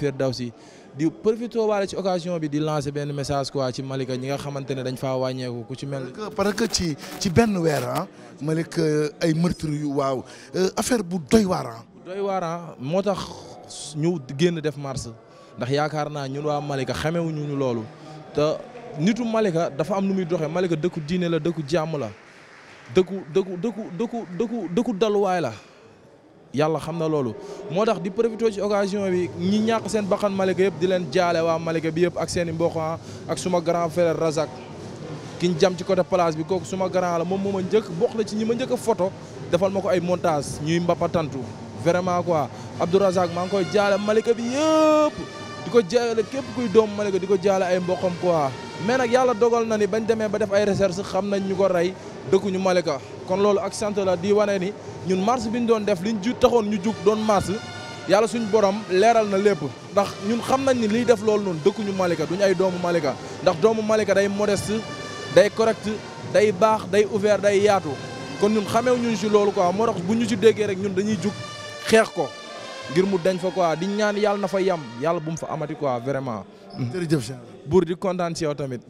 Firdawsi di profité waale ci occasion bi di lancer benn message quoi ci Malika ñi nga xamante ne dañ faa wàññeeku ku ci mel. parce que ci ci benn weer ah Malika ay meurtre yu waaw euh, affaire bu doy waar ah. doy waar ah, moo tax ñu génn def mars ndax yaakaar naa ñun waa Malika xamewuñu ñu loolu te nitu Malika dafa am nu muy doxee Malika dëkku diine la dëkku jàmm la dëkku dëkku dëkku dëkku daluwaay la. yàlla xam na loolu moo tax di profité ci occasion bi ñi ñàkk seen bakkan Malika yëpp di leen jaale waa Malika bi yëpp ak seen i mbokk ah, ak suma grand frère Razak ki ñu jam ci ko côté place bi kooku suma grand la moom moo ma njëkk bokk na ci ñi ma njëkk a photo defal ma ko ay montage ñuy mbappa tantu vraiment quoi Abdou Razak maa ngi koy jaale Malika bi yëpp di ko jaale képp kuy doom Malika di ko jaale ay mbokkam quoi mais nag yàlla dogal na ni bañ demee ba def ay recherche xam nañ ñu ko rey dëkkuñu Malika kon loolu ak sant la di wane ni ñun marche bi ñu doon def liñ ju taxoon ñu jug doon marche yàlla suñu borom leeral na lépp ndax ñun xam nañ ni liy def loolu noonu dëkkuñu Malika duñu ay doomu Malika ndax doomu Malika day modeste day correct day baax day ouvert day yaatu kon ñun xamew ñun si loolu quoi moo tax bu ñu si déggee rek ñun dañuy jug xeex ko ngir mu deñ fa quoi di ñaan yàlla na fa yam yàlla bu mu fa amati quoi vraiment. jërëjëf Cheikh. buur di kontaan si yow tamit.